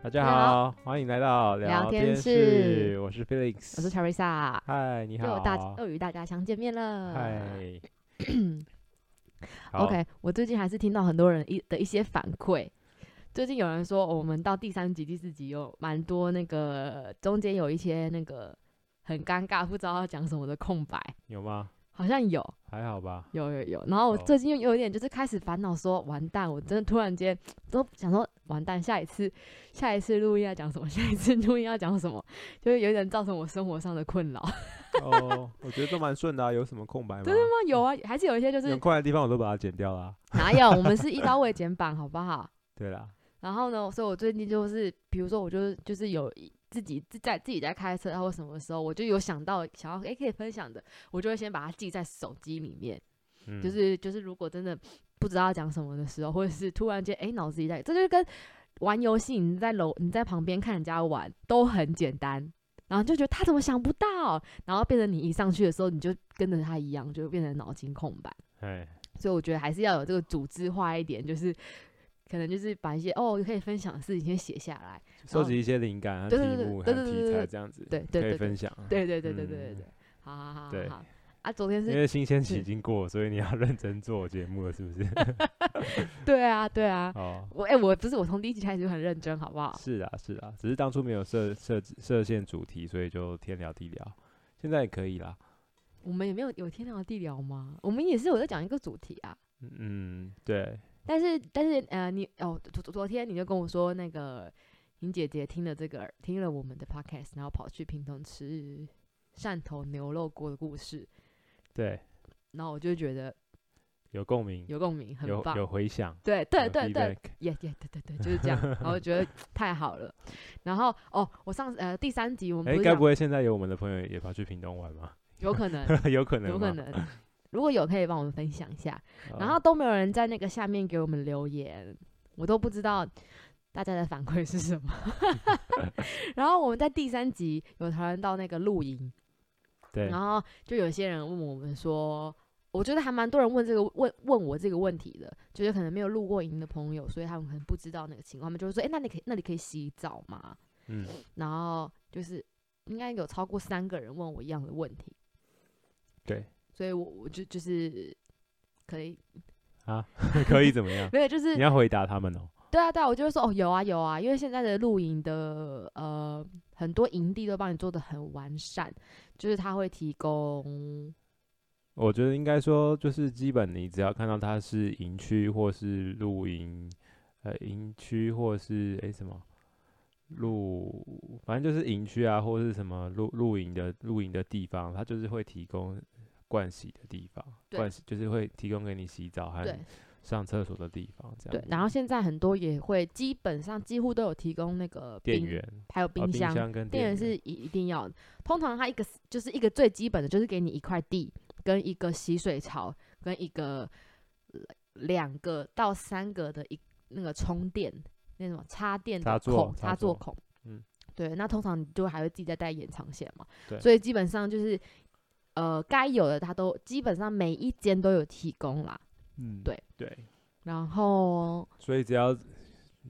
大家，大家好，歡迎來到聊天室。我是 Felix，我是 Teresa。嗨，你好，又大又與大家相見面了。嗨 ，OK。我最近還是聽到很多人一的一些反饋。最近有人說、哦，我們到第三集、第四集有蠻多那個中間有一些那個很尷尬，不知道要講什麼的空白。有嗎？好像有。還好吧？有有有。然後我最近又有一點就是開始煩惱說，說完蛋，我真的突然間都想說。完蛋，下一次下一次錄音要講什麼？下一次錄音要講什麼？就是有點造成我生活上的困擾。哦， 我覺得都蠻順的啊，有什麼空白嗎？對嗎？有啊，嗯、還是有一些就是很快的地方我都把它剪掉了。哪有？我們是一刀未剪版， 好不好？對啦。然後呢，所以我最近就是，比如說，我就是、就是有自己在自己在開車，然後什麼時候我就有想到想要哎、欸、可以分享的，我就會先把它記在手機裡面。嗯。就是就是，如果真的。不知道講什麼的時候，或者是突然間哎，腦子一呆，這就是跟玩遊戲你，你在樓你在旁邊看人家玩都很簡單，然後就覺得他怎麼想不到，然後變成你一上去的時候，你就跟着他一樣，就變成腦筋空白。所以我覺得還是要有這個組織化一點，就是可能就是把一些哦可以分享的事情先寫下來，收集一些靈感、題目、題材這樣子，對，對對,對,對,對可以分享。對對對對對對對、對、對、嗯，好好好好、好。對啊，昨天是因為新鮮期已經過了，所以你要認真做節目了，是不是？ 對啊，對啊。哦，我哎、欸，我不是，我從第一集開始就很認真，好不好？是啊，是啊。只是當初沒有設設設限主題，所以就天聊地聊。現在也可以啦 。我們也沒有有天聊地聊嗎？我們也是，我在講一個主題啊。 嗯，對。但是但是呃，你哦，昨昨天你就跟我說，那個瑩姐姐聽了這個，聽了我們的 podcast，然後跑去平潭吃汕頭牛肉鍋的故事。對，然後我就覺得有共鳴，有共鳴，共鳴很棒，有，有回響。對對對對，也也對對對，對，對，對，對，就是這樣。 然後我覺得太好了。然後哦，我上呃第三集我們哎，該不會現在有我們的朋友也跑去屏東玩嗎？有可能， 有可能，有可能。如果有，可以幫我們分享一下。然後都沒有人在那個下面給我們留言，我都不知道大家的反饋是什麼。 然後我們在第三集有討論到那個露營。對，然後就有些人問我們說，我覺得還蠻多人問這個問問我這個問題的，就是可能沒有露過營的朋友，所以他們可能不知道那個情況，他們就會說，哎，那你可以那你可以洗澡嗎？嗯，然後就是應該有超過三個人問我一樣的問題，對，所以我我就就是可以啊， 可以怎麼樣？ 沒有，就是你要回答他們哦。對啊，對啊，我就會說，哦，有啊有啊，因為現在的露營的呃。很多營地都幫你做的很完善，就是它會提供。我覺得應該說，就是基本你只要看到它是營區或是露營，呃，營區或是誒、欸、什麼露，反正就是營區啊，或者是什麼露露營的露營的地方，它就是會提供盥洗的地方，盥洗就是會提供給你洗澡和，還有。上廁所的地方，這樣對。然後現在很多也會基本上幾乎都有提供那個電源，還有冰箱、哦、冰箱跟電源，電源是一一定要的。通常它一個就是一個最基本的就是給你一塊地，跟一個洗水槽，跟一個兩個到三個的一那個充電那種插電的孔，插座，插座孔，插座，插座孔。嗯，對。那通常你就還會自己再帶延長線嘛？所以基本上就是呃該有的它都基本上每一間都有提供啦。嗯，對對，然後所以只要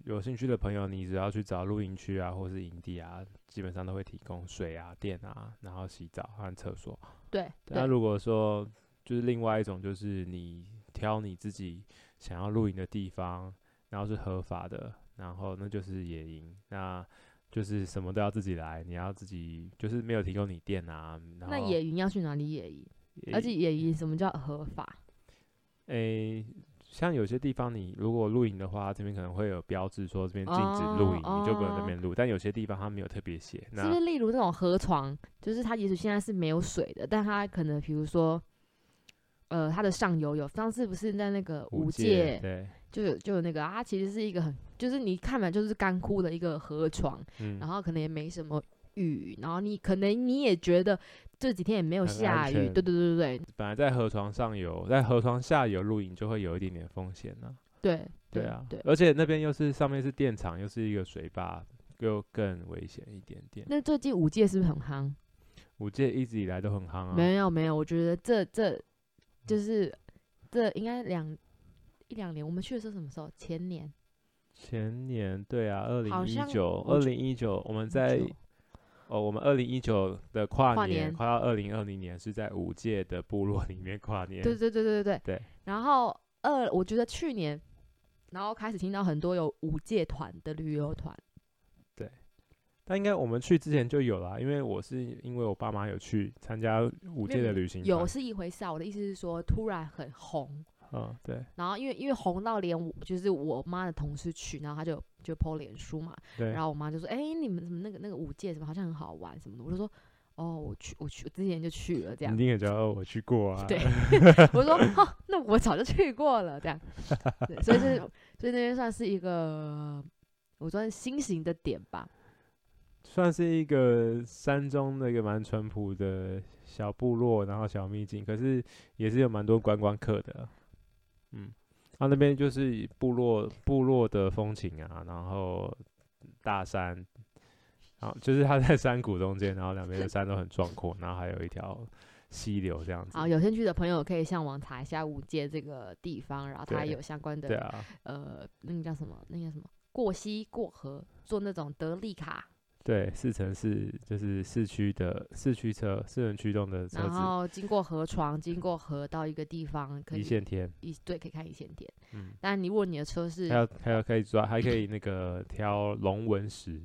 有興趣的朋友，你只要去找露營區啊，或是營地啊，基本上都會提供水啊、電啊，然後洗澡和廁所。對。那如果說就是另外一種，就是你挑你自己想要露營的地方，然後是合法的，然後那就是野營，那就是什麼都要自己來，你要自己就是沒有提供你電啊。那野營要去哪裡野營？而且野營什麼叫合法？嗯誒，像有些地方，你如果露營的話，這邊可能會有標誌說這邊禁止露營，oh, 你就不能在那邊露。Oh. 但有些地方它沒有特別寫，就是，是例如那種河床，就是它也許現在是沒有水的，但它可能比如說，呃，它的上游有，上次不是在那個武界，無界，對就有就有那個啊，它其實是一個很，就是你看，看來就是乾枯的一個河床、嗯，然後可能也沒什麼雨，然後你可能你也覺得。這幾天也沒有下雨，對對對對對。本來在河床上游，在河床下游露營就會有一點點風險了、啊啊。對對啊，而且那邊又是上面是電廠，又是一個水壩，又更危險一點點。那最近武界是不是很夯？武界一直以來都很夯啊。沒有沒有，我覺得這這就是這應該兩一兩年，我們去的是什麼時候？前年。前年對啊，二零一九，二零一九我們在。哦，我們二零一九的跨年，跨,年跨到二零二零年，是在武界的部落裡面跨年。對對對對對對。對然後二、呃，我覺得去年，然後開始聽到很多有武界團的旅游團。對。那應該我們去之前就有啦，因為我是因為我爸媽有去參加武界的旅行團。有是一回事、啊，我的意思是說，突然很紅。嗯，對。然後因為因為紅到連我就是我媽的同事去，然後她就就 PO 臉書嘛。然後我媽就說：“哎，你們怎麼那個那個武界什麼好像很好玩什麼的？”我就說：“哦，我去，我去，我之前就去了這樣。”你也知道我去過啊。對。 我說：“哦，那我早就去過了這樣。”對。所以是所以那邊算是一個我算新型的點吧。算是一個山中的一個蠻淳樸的小部落，然後小秘境，可是也是有蠻多觀光客的。嗯，然、啊、那邊就是部落部落的風情啊，然後大山，啊，就是它在山谷中間，然後兩邊的山都很壯闊， 然後還有一條溪流這樣子。啊，有興趣的朋友可以上網查一下武界這個地方，然後它也有相關的，對，呃，那個叫什麼，那個什麼過溪過河做那種德利卡。對，四乘四就是四驅的四驅車，四輪驅動的車子。然後經過河床，經過河到一個地方可以，一線天。一對，可以開一線天。嗯，但你問你的車是，還有還有可以抓，還可以那個 挑龍紋石。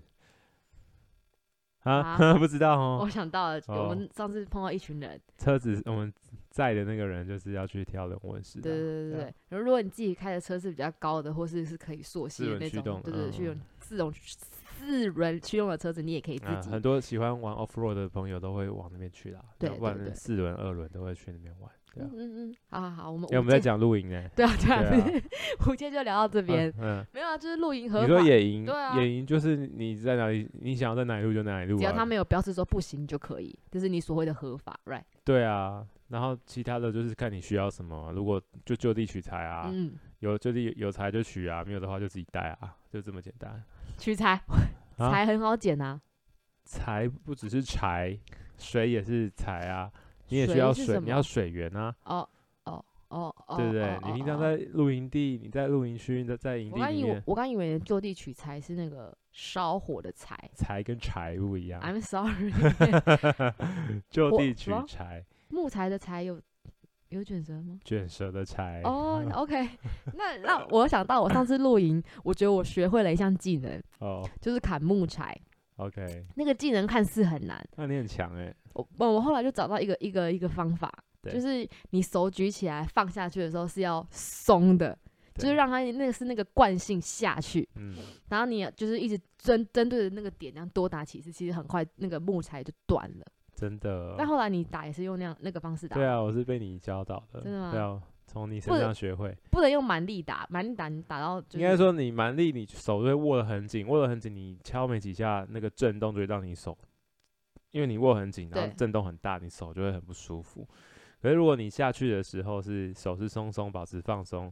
啊，啊 不知道哦。我想到了，我們上次碰到一群人，哦、車子我們載的那個人就是要去挑龍紋石。對對對對，對如果你自己開的車是比較高的，或是是可以溯溪的那種的，就是去用自動。嗯嗯四輪驅動的車子，你也可以自己、啊。很多喜歡玩 off road 的朋友都會往那邊去啦。對，對對。四輪、二輪都會去那邊玩。嗯嗯嗯。好、嗯嗯、好好，我們、欸、我們在講露營呢，、欸，對啊，對啊。我今天就聊到這邊、嗯。嗯。沒有啊，就是露營合法。你說野營、啊？野營就是你在哪裡，你想要在哪露就哪露。只要他沒有表示說不行就可以，就是你所謂的合法，right？對啊。然後其他的就是看你需要什麼，如果就就地取材啊、嗯，有就地有材就取啊，沒有的話就自己帶啊，就這麼簡單。取材，柴很好撿啊。柴、啊、不只是柴，水也是柴啊。你也需要水，水你要水源啊。哦哦哦哦，對不對？Oh, oh, oh, 你平常在露營地，oh, oh. 你在露營區的在營地我剛以為，以為坐就地取材是那個燒火的柴。柴跟柴不一樣。I'm sorry。 就 地取材、啊，木材的柴有。有捲舌嗎？捲舌的柴哦、oh，OK 那。那那我想到我上次露營， 我覺得我學會了一項技能哦，oh. 就是砍木柴。OK。那個技能看似很難，那你很強誒、欸。我我後來就找到一個一個一個方法，就是你手舉起來放下去的時候是要鬆的，就是讓它那個是那個慣性下去。嗯。然後你就是一直針針對着那個點，然後多打幾次，其實很快那個木材就斷了。真的，但後來你打也是用那樣那個方式打。對啊，我是被你教導的。真的嗎、啊？對啊，從你身上學會。不能，不能用蠻力打，蠻力打你打到，就是。應該說你蠻力，你手就會握得很緊，握得很緊，你敲沒幾下，那個震動就會讓你手，因為你握很緊，然後震動很大，你手就會很不舒服。可是如果你下去的時候是手是松松，保持放鬆，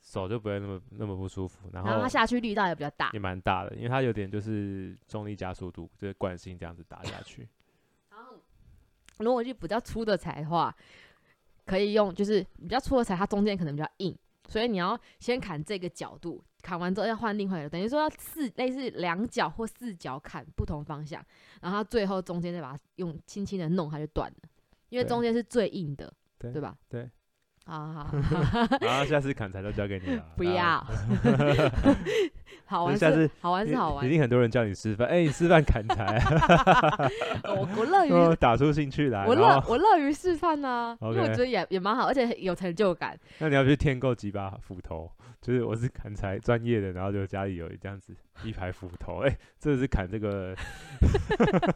手就不會那麼那麼不舒服然。然後它下去力道也比較大，也蠻大的，因為它有點就是重力加速度，就是慣性這樣子打下去。 如果就比較粗的柴的話，可以用就是比較粗的柴，它中間可能比較硬，所以你要先砍這個角度，砍完之後要換另外一個，等、就、於、是、說要四類似兩角或四角砍不同方向，然後它最後中間再把它用輕輕的弄，它就斷了，因為中間是最硬的，對對吧？對，好好，然後 下次砍柴都交給你了，不要。好玩，好玩是好玩是好玩，一定很多人叫你示範。哎、欸，你示範砍柴， 我我樂於、嗯、打出興趣來。我樂我樂於示範呢、啊，okay, 因為我覺得也也蠻好，而且很有成就感。那你要不要去添購幾把斧頭？就是我是砍柴專業的，然後就家裡有這樣子一排斧頭。哎、 欸，這是砍這個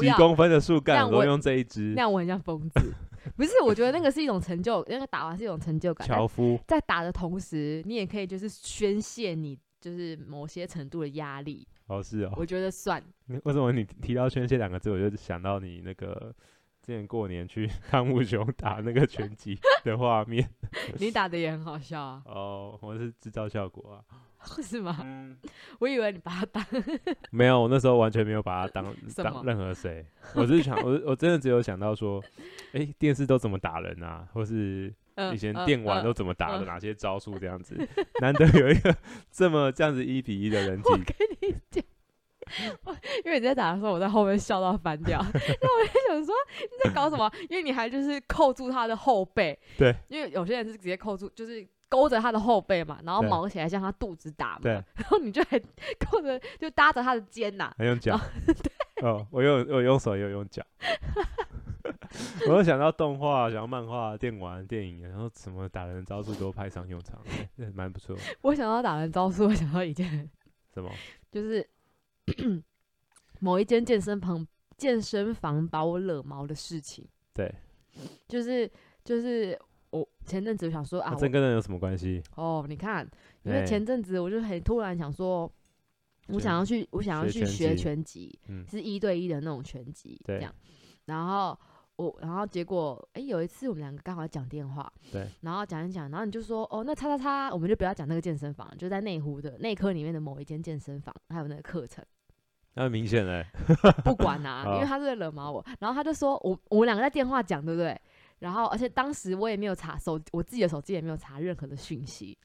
幾公分的樹幹，我用這一支。那樣我很像瘋子。 不是，我覺得那個是一種成就， 那個打完是一種成就感。樵夫在打的同時，你也可以就是宣泄你。就是某些程度的壓力，哦是哦，我覺得算。為什麼你提到“宣洩”兩個字，我就想到你那個之前過年去《湯姆熊》打那個拳擊的畫面 你打的也很好笑啊！哦，我是製造效果啊，是嗎、嗯？我以為你把他當 ……沒有，我那時候完全沒有把他當當任何誰，我是想，okay. 我我真的只有想到說，哎、欸，電視都怎麼打人啊，或是？以前電玩都怎麼打的，哪些招數這樣子、嗯嗯嗯，難得有一個這麼這樣子一比一的人體。我跟你講，因為你在打的時候，我在後面笑到翻掉， 那我也想說你在搞什麼，因為你還就是扣住他的後背。對，因為有些人是直接扣住，就是勾着他的後背嘛，然後毛起來向他肚子打嘛。對，然後你就還勾着，就搭着他的肩吶、啊。還用腳。對，哦、我用我用手也有用，也用腳。 我又想到動畫、 想到漫畫、 電玩、電影，然後什麼打人招數都派上用場，欸欸、蠻不錯。我想到打人招數，我想到一件什麼，就是咳咳某一間健身房，健身房把我惹毛的事情。對，就是就是我前陣子我想說啊，這跟人有什麼關係？哦，你看，因為前陣子我就很突然想說，我想要去我想要去學拳擊，是一對一的那種拳擊，對，然後。我然後結果，哎，有一次我們兩個剛好講電話，對，然後講一講，然後你就說，哦，那叉叉叉，我們就不要講那個健身房，就在內湖的內科裡面的某一間健身房，還有那個課程，那很明顯嘞、欸，不管啊， 因為他是在惹毛我，然後他就說我，我們兩個在電話講，對不對？然後而且當時我也沒有查手，我自己的手機也沒有查任何的訊息，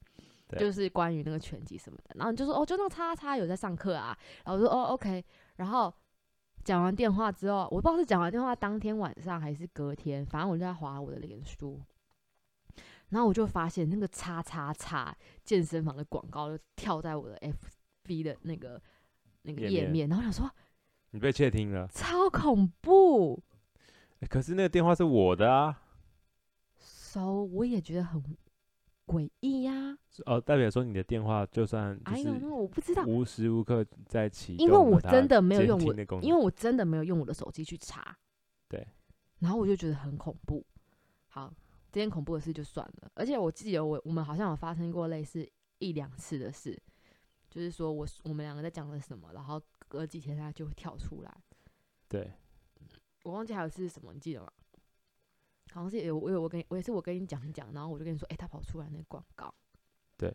對，就是關於那個拳擊什麼的，然後你就說，哦，就那個叉叉叉有在上課啊，然後我說，哦，OK，然後。講完電話之後，我不知道是講完電話當天晚上還是隔天，反正我就在滑我的臉書，然後我就發現那個叉叉叉健身房的廣告就跳在我的 FB 的那個那個頁面，頁面，然後想說你被竊聽了，超恐怖，欸！可是那個電話是我的啊，so 我也覺得很。詭異呀！哦，代表說你的電話就算就是無時無刻在啟動，哎呦，我不知道，無時無刻在起。因為我真的沒有用我，因為我真的沒有用我的手機去查。對。然後我就覺得很恐怖。好，這件恐怖的事就算了。而且我記得我我們好像有發生過類似一兩次的事，就是說我我們兩個在講了什麼，然後隔幾天它就會跳出來。對。我忘記還有次是什麼，你記得嗎？好像是有我有，有我跟你我也是我跟你講一講，然後我就跟你說，哎、欸，他跑出來那個廣告，對，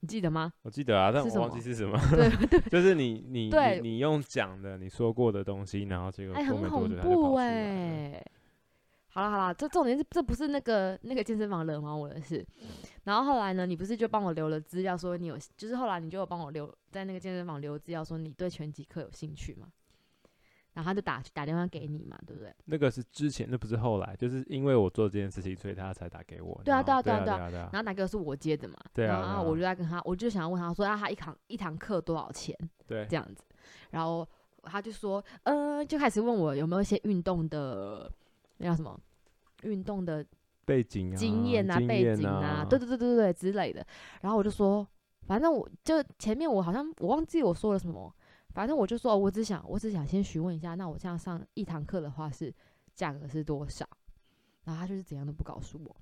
你記得嗎？我記得啊，但我忘記是什麼。什麼。對。 就是你你對你你用講的你說過的東西，然後這個、欸、很恐怖哎、欸。好了好了，這重點是這不是那個那個健身房惹毛我的事。然後後來呢，你不是就幫我留了資料，說你有就是後來你就有幫我留在那個健身房留資料，說你對拳擊課有興趣嗎？然後他就打打電話給你嘛，對不對？那個是之前，那不是後來，就是因為我做這件事情，所以他才打給我。對啊，對啊，對啊。對啊，對啊，對啊，對啊。然後那個是我接的嘛。對啊。然後我就在跟他，啊、我就想要問他說，啊，他一堂一堂課多少錢？對，這樣子。然後他就說，嗯、呃，就開始問我有沒有一些運動的那叫什麼運動的背景啊，經驗啊，背景啊，經驗啊，對對對對對對，對之類的。然後我就說，反正我就前面我好像我忘記我說了什麼。反正我就說，哦，我只想，我只想先詢問一下，那我這樣上一堂課的話是價格是多少？然後他就是怎樣都不告訴我，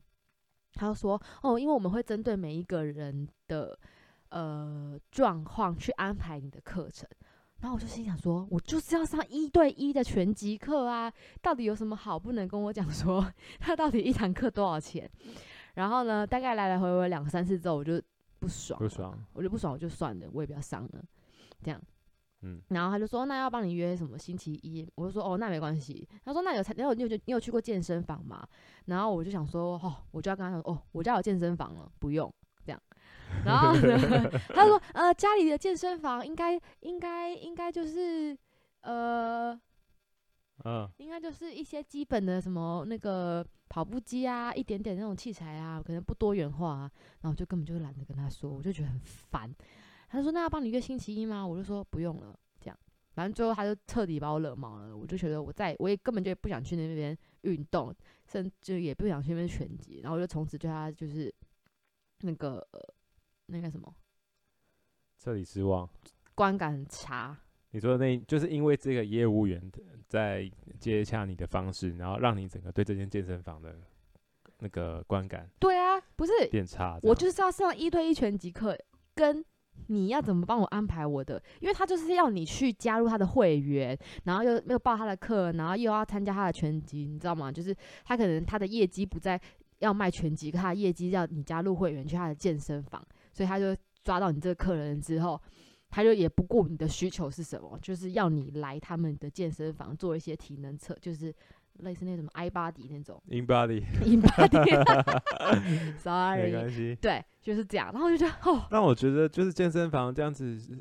他就說，哦，因為我們會針對每一個人的呃狀況去安排你的課程。然後我就心想說，我就是要上一對一的拳擊課啊，到底有什麼好不能跟我講說，他到底一堂課多少錢？然後呢，大概來來回回兩三次之後，我就不爽，啊，不爽，我就不爽，我就算了，我也不要上了，這樣。嗯，然後他就說，那要幫你約什麼星期一？我就說，哦，那沒關係。他說，那有才，你有你有你有去過健身房嗎？然後我就想說，哦，我就要跟他說，哦，我家有健身房了，不用這樣。然後他說，呃，家裡的健身房應該應該應該就是呃，應該就是一些基本的什麼那個跑步機啊，一點點那種器材啊，可能不多元化啊。然後就根本就懶得跟他說，我就覺得很煩。他說：“那要幫你約星期一嗎？”我就說：“不用了。”這樣，反正最後他就徹底把我惹毛了。我就覺得我在，我也根本就不想去那邊運動，甚至也不想去那邊拳擊。然後我就從此對他就是那個那個什麼，徹底失望，觀感很差。你說那就是因為這個業務員在接洽你的方式，然後讓你整個對這間健身房的那個觀感？對啊，不是變差，我就是要上一對一拳擊課跟，你要怎麼幫我安排我的？因為他就是要你去加入他的會員，然後又有報他的課，然後又要參加他的拳擊，你知道嗎？就是他可能他的業績不在要賣拳擊，他的業績要你加入會員去他的健身房，所以他就抓到你這個客人之後，他就也不顧你的需求是什麼，就是要你來他們的健身房做一些體能測，就是。類似那種麼，Inbody 那種 Inbody Inbody 的的笑 sorry 沒關係，對，就是這樣。然後就覺得哦，那我覺得就是健身房這樣子十，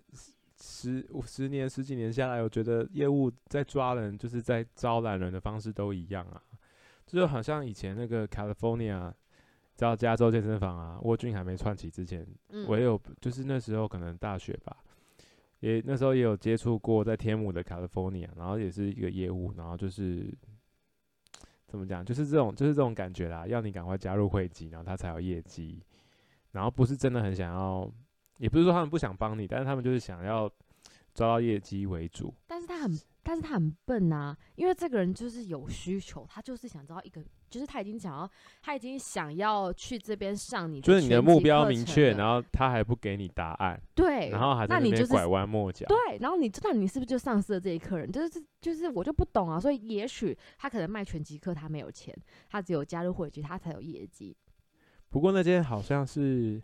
十五十年，十幾年下來，我覺得業務在抓人，就是在招攬人的方式都一樣啊。就是好像以前那個 California，知道加州健身房啊，World Gym 還沒串起之前，我也有，就是那時候可能大學吧，也那時候也有接觸過在天母的 California，然後也是一個業務，然後就是。怎麼講？就是這種，就是這種感覺啦。要你趕快加入會籍，然後他才有業績，然後不是真的很想要，也不是說他們不想幫你，但是他們就是想要抓到業績為主。但是他很，但是他很笨啊，因為這個人就是有需求，他就是想知道一個。就是他已經想要，他已經想要去這邊上你，就是你的目標明確，然後他還不給你答案，對，然後還在那邊那你、就是、拐彎抹角，對，然後你知道你是不是就喪失了這一客人？就是就是我就不懂啊，所以也許他可能賣拳擊課，他沒有錢，他只有加入會員，他才有業績。不過那間好像是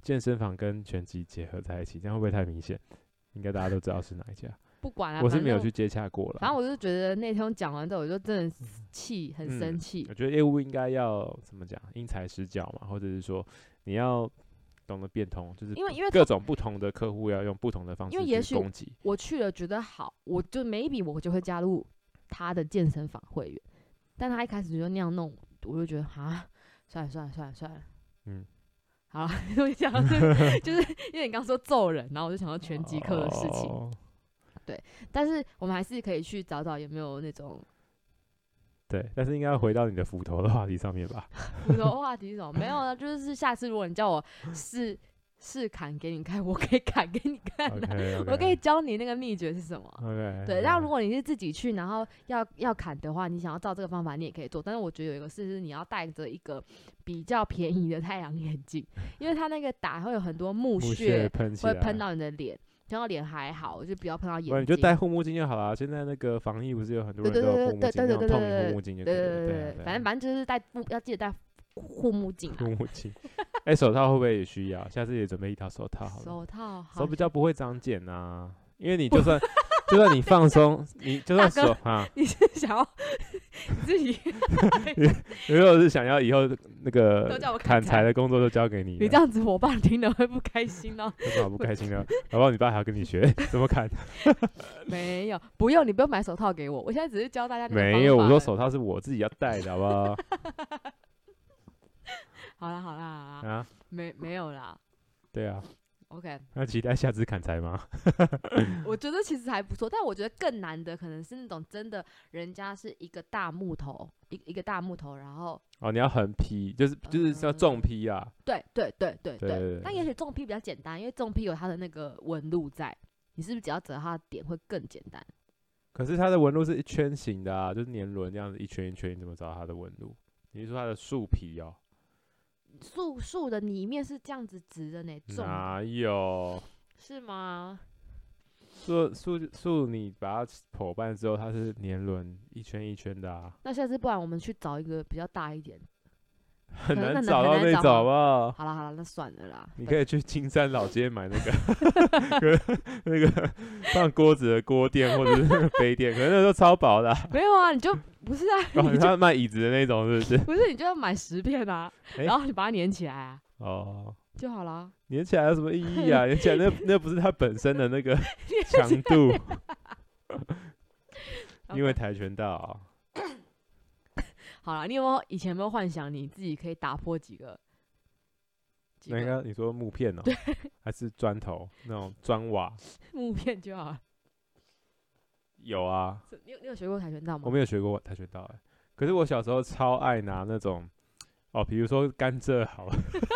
健身房跟拳擊結合在一起，這樣會不會太明顯？應該大家都知道是哪一家。不管、啊、我是沒有去接洽過了。反正我就覺得那天講完之後，我就真的氣、嗯，很生氣、嗯。我覺得業務應該要怎麼講？因材施教嘛，或者是說你要懂得變通，就是因為因為各種不同的客戶要用不同的方式去攻擊。因為也許我去了覺得好，我就每一筆我就會加入他的健身房會員，但他一開始就那樣弄我，我就覺得啊，算了算了算了算了。嗯，好這樣子、 就是，因為講就是因為你剛剛說揍人，然後我就想到拳擊課的事情。哦對，但是我們還是可以去找找有沒有那種。對，但是應該要回到你的斧頭的話題上面吧。斧頭話題是什麼？沒有呢，就是下次如果你叫我試試 砍給你看，我可以砍給你看、啊、okay, okay. 我可以教你那個秘訣是什麼。Okay, 對。那然後如果你是自己去，然後要要砍的話，你想要照這個方法，你也可以做。但是我覺得有一個事是，是你要戴着一個比較便宜的太陽眼鏡， 因為它那個打會有很多木屑，木屑會噴到你的臉。到臉還好，我就不要碰到眼睛。你就戴護目鏡就好了。現在那個防疫不是有很多人都護目鏡，透明護目鏡。對對對，對，對，對，對，反正、啊啊、反正就是戴護，要記得戴護目鏡、啊。護目鏡，哎，手套會不會也需要？下次也準備一條手套好，手套好，手比較不會長繭啊，因為你就算。 就算你放鬆，你就算說啊，你是想要你自己？ 你你如果是想要以後那個砍柴的工作都交給你， 你這樣子，我爸聽了會不開心呢、哦？有什麼不開心呢？ 好不好？你爸還要跟你學怎麼砍？ 沒有，不用，你不用買手套給我。我現在只是教大家。沒有，我說手套是我自己要戴的， 好不好？好啦，好啦，啊，沒沒有啦。對啊。OK，那期待下次砍柴嗎？ 我覺得其實還不錯，但我覺得更難的可能是那種真的人家是一個大木頭，一一個大木頭，然後哦，你要橫劈，就是、呃、就是要縱劈啊。對對對對，對對對。但也許縱劈比較簡單，因為縱劈有它的那個紋路在，你是不是只要找到它的點會更簡單？可是它的紋路是一圈形的、啊，就是年輪這樣子一圈一圈，你怎麼找到它的紋路？你是說它的樹皮哦？樹樹的裡面是這樣子直的呢，哪有？是嗎？樹樹樹，你把它剖半之後，它是年輪一圈一圈的啊。那下次不然我們去找一個比較大一點，很難找到那，那種好不好？好啦好啦，那算了啦。你可以去青山老街買那個， 可那個放鍋子的鍋墊或者是那個杯墊， 可能那個都超薄的啊。沒有啊，你就。不是啊，哦、你像賣椅子的那種，是不是？不是，你就要買十片啊，欸、然後你把它粘起來啊，哦、欸，就好了。粘起來有什麼意義啊？粘 起來那那不是它本身的那個強度。 因為跆拳道、哦 okay. 好了，你有沒有以前有沒有幻想你自己可以打破幾個，幾個？應、那、該、個、你說木片哦、喔？對，還是磚頭那種磚瓦？木片就好。有啊，你有你有學過跆拳道嗎？我沒有學過跆拳道哎、欸，可是我小時候超愛拿那種哦，比如說甘蔗，好了，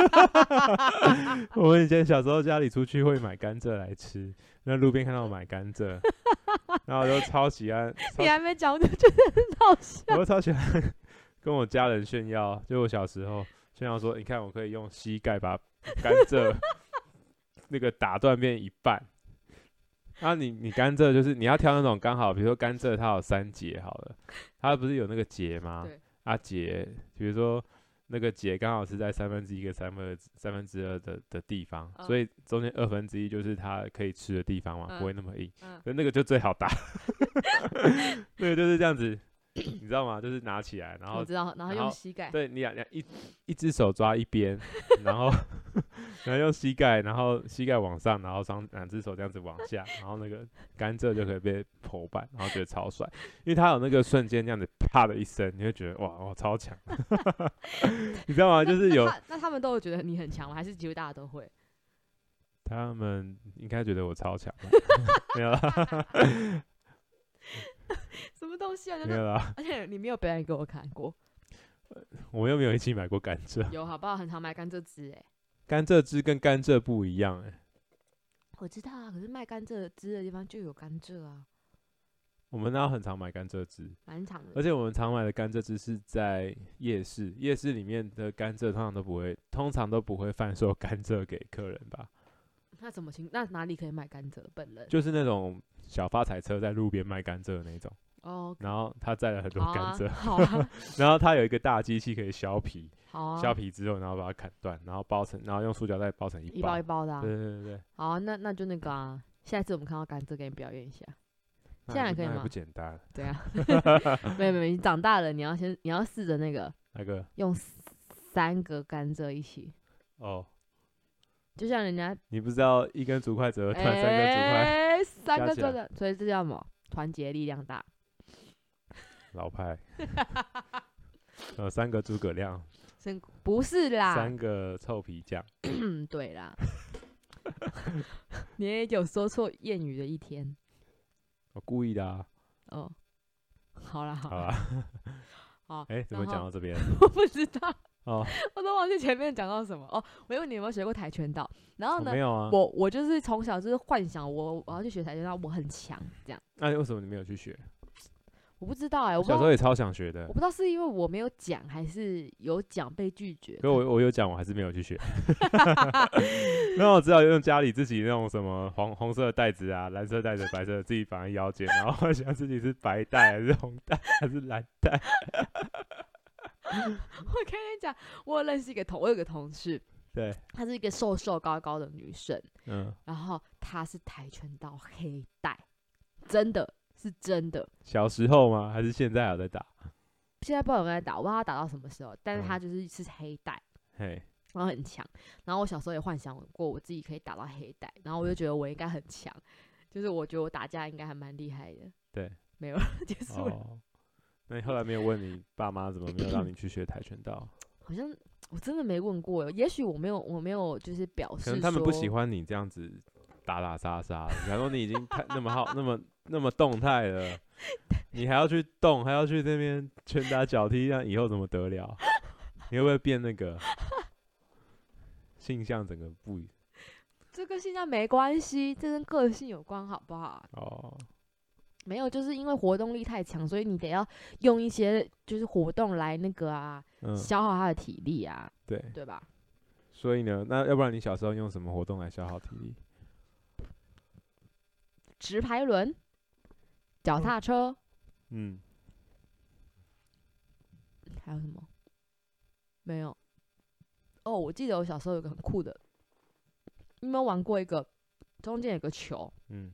我以前小時候家裡出去會買甘蔗來吃，那路邊看到我買甘蔗， 然後我就超喜歡。你還沒講就覺得好笑。我就超喜歡跟我家人炫耀，就我小時候炫耀說，你看我可以用膝蓋把甘蔗那個打斷面一半。啊你，你你甘蔗就是你要挑那種剛好，比如說甘蔗它有三節，好了，它不是有那個節嗎？對。啊節，比如說那個節剛好是在三分之一、一個三分、三分之二的的地方、哦，所以中間二分之一就是它可以吃的地方嘛，嗯、不會那麼硬，所、嗯、以那個就最好打。對、嗯， 那個就是這樣子。你知道嗎？就是拿起來，然後然後用膝蓋。對，你兩一一隻手抓一邊，然後 然後用膝蓋，然後膝蓋往上，然後雙兩隻手這樣子往下，然後那個甘蔗就可以被剖半，然後覺得超帥， 因為他有那個瞬間，這樣子啪的一聲，你會覺得哇，我超強。 你知道嗎？就是有。那，那，他，那他們都會覺得你很強嗎？還是幾乎大家都會？他們應該覺得我超強。 沒有啦。 什麼東西啊？沒有啦，而且你沒有表演給我看過 。我們又沒有一起買過甘蔗。 有，好不好？很常買甘蔗汁哎、欸。甘蔗汁跟甘蔗不一樣哎、欸。我知道啊，可是賣甘蔗汁的地方就有甘蔗啊。我們那很常買甘蔗汁，蠻常的。而且我們常買的甘蔗汁是在夜市，夜市裡面的甘蔗通常都不會，通常都不會販售甘蔗給客人吧？那怎麼行？那哪裡可以買甘蔗？本人就是那種。小發財車在路邊賣甘蔗的那種，哦、oh, okay.，然後他載了很多甘蔗，oh, ah, 然後他有一個大機器可以削皮，oh, ah. 削皮之後，然後把它砍斷，然後包成，然後用塑膠袋包成一包一包,一包的、啊，對對對好，oh, 那那就那個啊，下一次我們看到甘蔗給你表演一下，現在還可以嗎？那不簡單，對啊， 沒有沒有，你長大了，你要先你要試着那個，那個用三個甘蔗一起，哦、oh.，就像人家，你不知道一根竹筷怎麼斷，三根竹筷。三個諸葛，所以這叫什麼？團結力量大。老派。呃、 嗯，三個諸葛亮。不是啦。三個臭皮匠 對啦。 你也有說錯諺語的一天。我故意的、啊。哦。好啦好啦。好啦。哎、 欸，怎麼講到這邊？我不知道。哦，我都忘記前面講到什麼哦？我問你有沒有學過跆拳道，然後呢？哦、沒有啊。我我就是從小就是幻想我我要去學跆拳道，我很強這樣。那、啊、為什麼你沒有去學？不欸、我不知道哎，我小時候也超想學的。我不知道是因為我沒有講，還是有講被拒絕？可是，我我有講，我還是沒有去學。那 我只好用家裡自己那種什麼黃、紅色的袋子啊，藍色袋子、 白色的自己綁在腰間，然後我想自己是白帶還是紅帶還是藍帶。 我跟你講，我有認識一個同，我有一個同事，對，她是一個瘦瘦高高的女生，嗯，然後她是跆拳道黑帶，真的是真的。小時候嗎？還是現在有在打？現在不知道有沒有在打，我不知道她打到什麼時候，但是她就是、嗯、是黑帶，嘿，然後很強。然後我小時候也幻想過，我自己可以打到黑帶，然後我就覺得我應該很強，就是我覺得我打架應該還蠻厲害的。對，沒有，就是那你後來沒有問你爸媽怎麼沒有讓你去學跆拳道？ 好像我真的沒問過，也許我沒有，我沒有就是表示，可能他們不喜歡你這樣子打打殺殺，然 後你已經太那麼好， 那麼那麼動態了， 你還要去動，還要去那邊拳打腳踢，那以後怎麼得了？ 你會不會變那個 性向整個不？這個性向沒關係，這跟個性有關，好不好？哦。沒有，就是因為活動力太強，所以你得要用一些就是活動來那個啊，嗯、消耗他的體力啊，對對吧？所以呢，那要不然你小時候用什麼活動來消耗體力？直排輪、腳踏車嗯，嗯，還有什麼？沒有。哦，我記得我小時候有一個很酷的，你有沒有玩過一個中間有個球？嗯。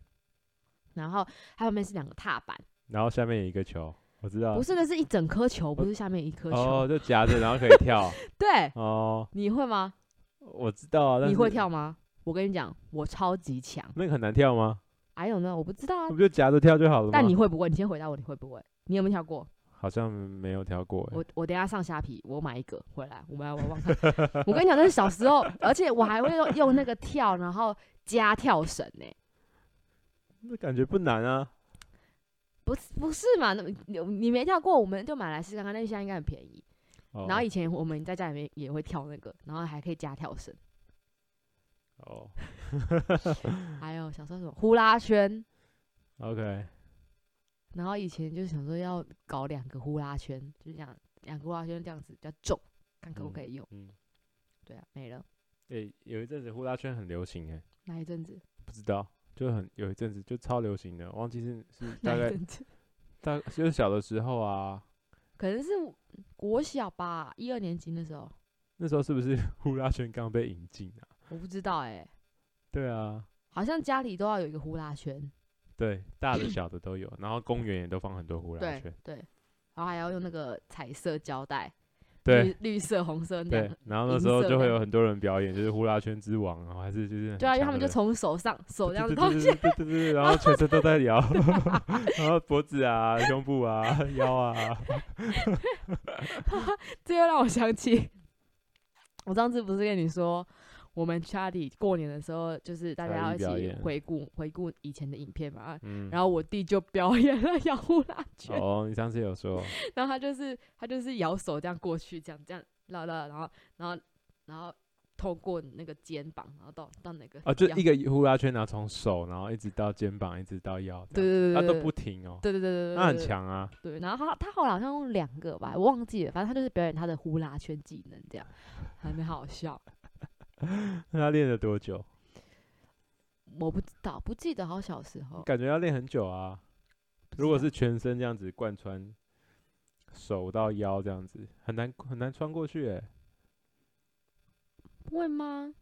然後它上面是兩個踏板，然後下面有一個球，我知道。不是的，是一整顆球，不是下面一顆球，哦、就夾着，然後可以跳。 對。哦，你會嗎？我知道啊，但是。你會跳嗎？我跟你講，我超級強。那個很難跳嗎？還有呢，我不知道啊。我不就夾着跳就好了嗎？但你會不會？你先回答我，你會不會？你有沒有跳過？好像沒有跳過、欸。我我等一下上蝦皮，我買一個回來。我我我忘了。 我跟你講，那是小時候， 而且我還會用用那個跳，然後加跳繩呢、欸。那感覺不難啊不，不不是嘛？那有你,你沒跳過，我們就買來試看看。剛剛那現在應該很便宜。哦、然後以前我們在家裡面也會跳那個，然後還可以加跳繩。哦， 還有想說什麼呼啦圈？OK。然後以前就想說要搞兩個呼啦圈，就是這樣，兩個呼啦圈這樣子比較重，看可不可以用。嗯嗯、對啊，沒了。對、欸，有一陣子呼啦圈很流行誒、欸。哪一陣子？不知道。就很有一陣子就超流行的，忘記是是大概大， 大就是小的時候啊，可能是國小吧，一二年級那時候，那時候是不是呼啦圈剛被引進啊？我不知道哎、欸。對啊，好像家裡都要有一個呼啦圈。對，大的小的都有， 然後公園也都放很多呼啦圈，對。對，然後還要用那個彩色膠帶。對，綠色、紅色那樣，對，然後那時候就會有很多人表演，就是呼啦圈之王，然後還是就是對啊，因為他們就從手上手這樣子東西，對對，對對對，然後全身都在搖， 然後脖子啊、胸部啊、 腰啊， 這又讓我想起，我上次不是跟你說。我們家裡過年的時候，就是大家要一起回顧回顧以前的影片嘛，嗯。然後我弟就表演了搖呼啦圈。哦，你上次有說。然後他就是他就是搖手這樣過去，這樣這樣繞繞，然後然後然後，然後透過你那個肩膀，然後到到哪個啊，哦？就一個呼啦圈，然後從手，然後一直到肩膀，一直到腰。對對對，對，他都不停哦。對對對對對，對，很強啊。對，然後他他後來好像用兩個吧，我忘記了，反正他就是表演他的呼啦圈技能，這樣，還蠻好笑。 那 他練了多久？我不知道，不記得。好，小時候感覺要練很久啊，啊。如果是全身這樣子貫穿，手到腰這樣子，很難很難穿過去、欸，哎。會嗎？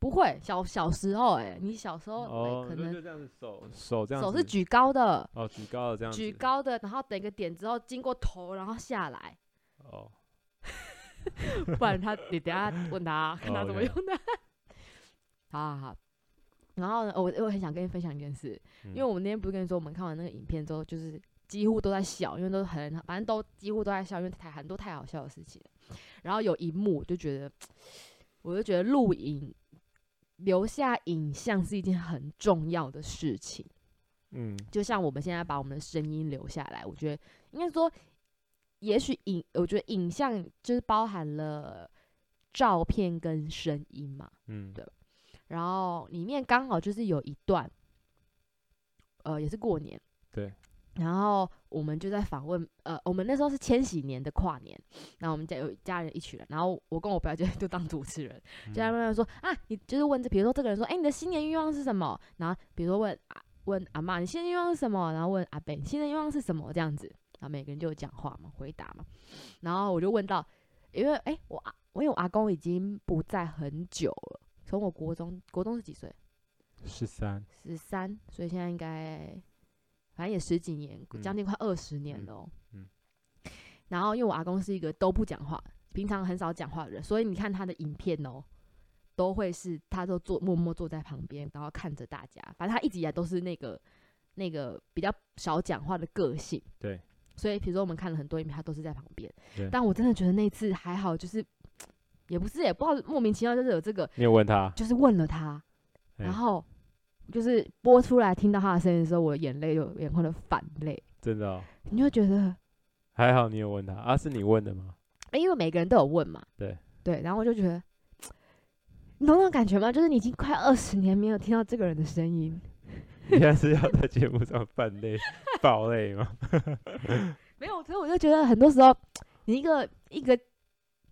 不會。小小時候、欸，哎，你小時候、哦、可能就這樣子手，手手這樣，手是舉高的，哦，舉高的這樣，舉高的，然後等一個點之後，經過頭，然後下來，哦。 不然他，你等下問他 看他怎麼用的。Okay. 好好好，然後呢，我我很想跟你分享一件事、嗯，因為我們那天不是跟你說，我們看完那個影片之後，就是幾乎都在笑，因為都很反正都幾乎都在笑，因為太很多太好笑的事情、嗯。然後有一幕，我就覺得，我就覺得錄影留下影像是一件很重要的事情。嗯，就像我們現在把我們的聲音留下來，我覺得應該說。也許影，我覺得影像就是包含了照片跟聲音嘛，嗯，對，然後裡面剛好就是有一段，呃，也是過年，對。然後我們就在訪問，呃，我們那時候是千禧年的跨年，然後我們家有家人一群人，然後我跟我表姐就當主持人，就他們說、嗯、啊，你就是問這，比如說這個人說，哎、欸，你的新年願望是什麼？然後比如說問阿、啊、問阿媽，你新年願望是什麼？然後問阿伯，你新年願望是什麼？這樣子。然後每個人就有講話嘛，回答嘛。然後我就問到，因為哎、欸，我阿，我因為我阿公已經不在很久了。從我國中，國中是幾歲？十三。十三，所以現在應該反正也十幾年，將近快二十年了哦。嗯，嗯。嗯。然後因為我阿公是一個都不講話，平常很少講話的人，所以你看他的影片哦，都會是他都坐默默坐在旁邊，然後看着大家。反正他一直以來都是那個那個比較少講話的個性。對。所以，比如說我們看了很多影片，他都是在旁邊。對。但我真的覺得那次還好，就是也不是，也不知道莫名其妙，就是有這個。你有問他？呃、就是問了他、欸，然後就是播出來聽到他的聲音的時候，我的眼淚有眼眶的泛淚。真的、哦。你就覺得還好，你有問他啊？是你問的嗎、欸？因為每個人都有問嘛。對。對，然後我就覺得，你懂那種感覺嗎？就是你已經快二十年沒有聽到這個人的聲音。 你還是要在節目上扮累、 爆累嗎？ 沒有，所以我就覺得很多時候，你一個一個，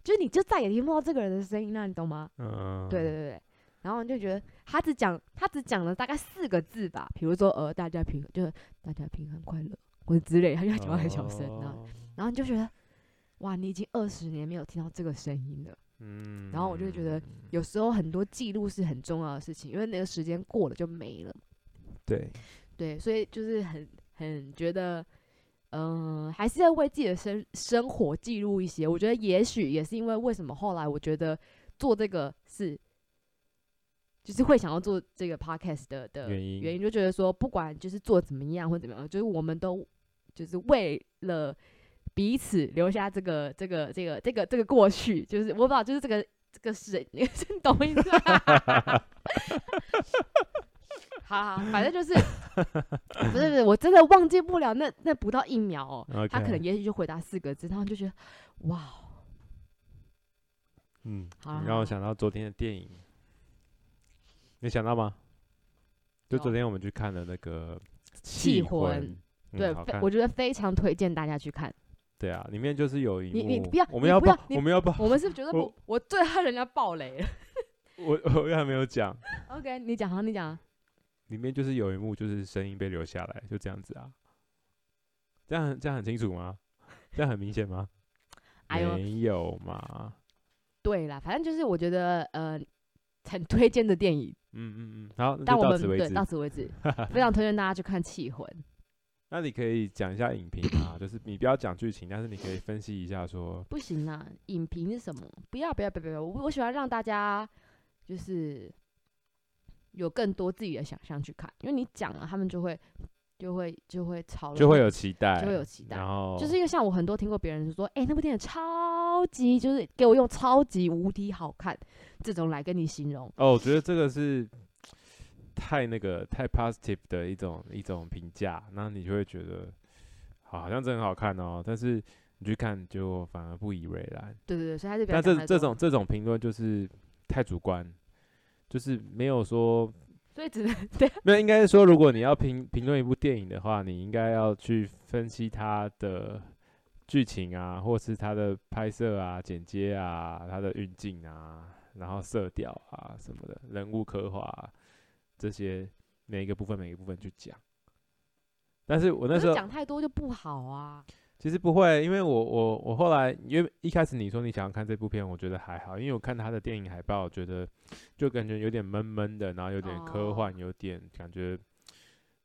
就是、你就再也聽不到這個人的聲音了、啊，你懂嗎？嗯。對對對，對然後你就覺得他只講，他只講了大概四個字吧，比如說“呃，大家平”，就是大家平安快樂或者之類。他就講話很小聲啊，哦、然後你就覺得哇，你已經二十年沒有聽到這個聲音了。嗯。然後我就覺得、嗯、有時候很多記錄是很重要的事情，因為那個時間過了就沒了。對，對，所以就是很很覺得，嗯、呃，還是要為自己的生生活記錄一些。我覺得也許也是因為為什麼後來我覺得做這個是，就是會想要做這個 podcast 的的原因，原因就覺得說，不管就是做怎麼樣或怎麼樣，就是我們都就是為了彼此留下這個這個這個這個、這個、這個過去。就是我不知道，就是這個這個是，你懂意思嗎？ 好，好，好，反正就是， 不是不是，我真的忘記不了那那不到一秒哦、喔，okay. 他可能也許就回答四個字，然後就覺得哇，嗯，好好好，你讓我想到昨天的電影，沒想到嗎？就昨天我們去看的那個《氣魂》魂嗯，對，我覺得非常推薦大家去看。對啊，裡面就是有一幕你你，你不要，我們要不要？我們要不，我們是覺得我我對他人家爆雷。我我，我，我又還沒有講。 OK，你講，好，你講。裡面就是有一幕，就是聲音被留下來，就這樣子啊，這樣這樣很清楚嗎？這樣很明顯嗎？哎呦，沒有嘛。對啦，反正就是我覺得呃，很推薦的電影，嗯嗯嗯。好，但那到此為止，對，到此為止， 非常推薦大家去看《氣魂》。那你可以講一下影評啊，就是你不要講劇情， 但是你可以分析一下說。不行啊，影評是什麼？不要不要不要不要！我我喜歡讓大家就是。有更多自己的想象去看，因為你講了，啊，他們就會就會就會超，就會有期待，就會有期待。然後就是因為像我很多聽過別人說，哎，欸，那部電影超級，就是給我用超級無敵好看這種來跟你形容。哦，我覺得這個是太那個太 positive 的一種一種評價，那你就會覺得好，好像真很好看哦。但是你去看，就反而不以為然。對對對，所以他就但這這種這種評論就是太主觀。就是沒有說，所以只能對。那應該是說，如果你要評評論一部電影的話，你應該要去分析它的劇情啊，或是它的拍攝啊、剪接啊、它的運鏡啊，然後色調啊什麼的，人物刻畫，這些每一個部分、每一個部分去講。但是我那時候講太多就不好啊。其實不會，因為我我我後來因為一開始你說你想要看這部片，我覺得還好，因為我看他的電影海報，我覺得就感覺有點悶悶的，然後有點科幻，哦、有點感覺，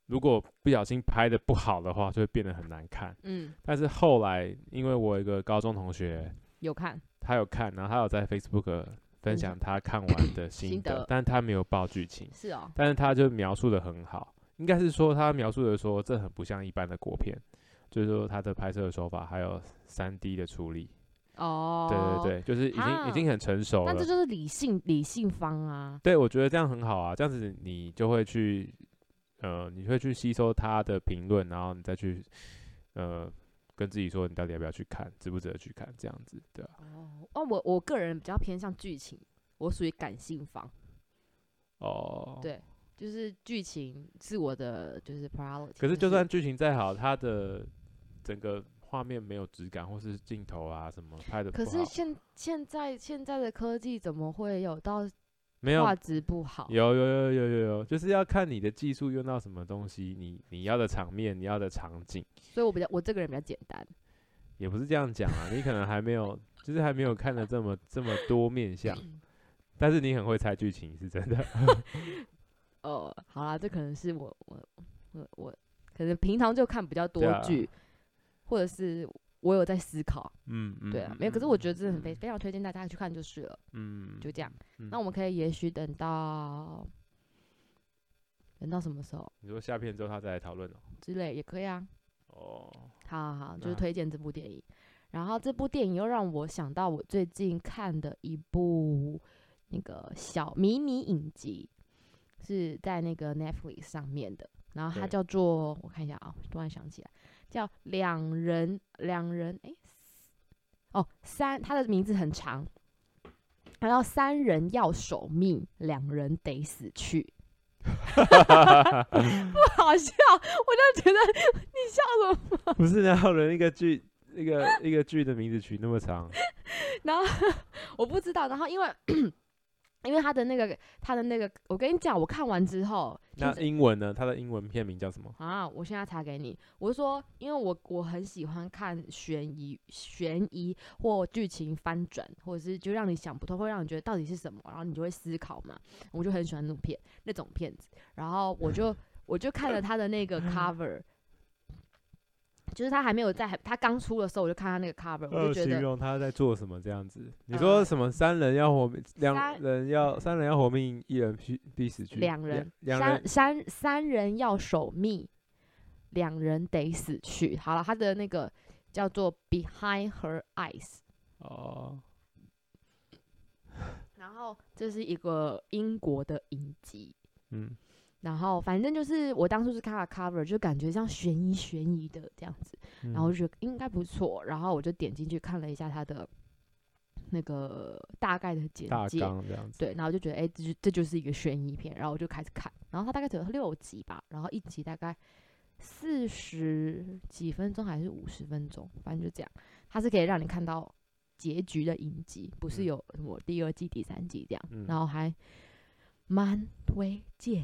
如果不小心拍得不好的話，就會變得很難看。嗯，但是後來因為我一個高中同學有看，他有看，然後他有在 Facebook 分享他看完的心、嗯、得，但他沒有爆劇情，是哦，但是他就描述的很好，應該是說他描述的說這很不像一般的國片。就是說他的拍攝的手法，還有三 D 的處理，哦，對對對，就是已經、啊、已經很成熟了。那這就是理性理性方啊。對，我覺得這樣很好啊，這樣子你就會去，呃，你會去吸收他的評論，然後你再去，呃，跟自己說你到底要不要去看，值不值得去看，這樣子，對吧？Oh, 哦，我我個人比較偏向劇情，我屬於感性方。哦、oh,，對，就是劇情是我的就是 priority 可是就算劇情再好，它的整個畫面沒有質感，或是鏡頭啊什麼拍的不好。可是現現在現在的科技怎麼會有到畫質不好？沒有，有有有有有有，就是要看你的技術用到什麼東西，你你要的場面，你要的場景。所以我比較我這個人比較簡單，也不是這樣講啊，你可能還沒有 就是還沒有看了這麼這麼多面相， 但是你很會猜劇情是真的。哦 ，Oh，好啦，這可能是我我我我可能平常就看比較多劇。或者是我有在思考，嗯，嗯對啊、嗯，沒有。可是我覺得這很非、嗯、非常推薦大家去看就是了，嗯，就這樣。嗯、那我們可以也許等到等到什麼時候？你說下片之後他再來討論哦，之類也可以啊。哦、oh，好，好，好，就是推薦這部電影。然後這部電影又讓我想到我最近看的一部那個小迷你影集，是在那個 Netflix 上面的。然後它叫做，我看一下啊、哦，突然想起來。叫兩人，兩人哎，哦、欸喔、三，他的名字很長，然後三人要守命，兩人得死去， 不好笑，我就覺得你笑什麼嗎？不是然後人一個劇，一個一個劇的名字取那麼長， 然後 我不知道，然後因為。因為他的那個，他的那個，我跟你講，我看完之後，那英文呢？他的英文片名叫什麼啊？我現在要查給你。我就說，因為我我很喜歡看懸疑、懸疑或劇情翻轉，或者是就讓你想不通，會讓你覺得到底是什麼，然後你就會思考嘛。我就很喜歡那種片、那種片子，然後我就 我就看了他的那個 cover。 就是他還沒有在，他剛出的時候我就看他那個 cover，我就形容他在做什麼這樣子。你說什麼？三人要活命，兩、呃、人要三,三人要活命，一人必必死去。兩人,、yeah, 人，三三三人要守密，兩人得死去。好了，他的那個叫做 Behind Her Eyes，哦。 然後這是一個英國的影集，嗯。然後，反正就是我當初是看了 cover，就感覺像懸疑懸疑的這樣子，然後就覺得應該不錯，然後我就點進去看了一下他的那個大概的簡介，這樣子。對，然後就覺得，哎，這就這就是一個懸疑片，然後我就開始看。然後他大概只有六集吧，然後一集大概四十幾分鐘還是五十分鐘，反正就這樣。它是可以讓你看到結局的影集，不是有什麼第二季、第三季這樣，然後還蠻推薦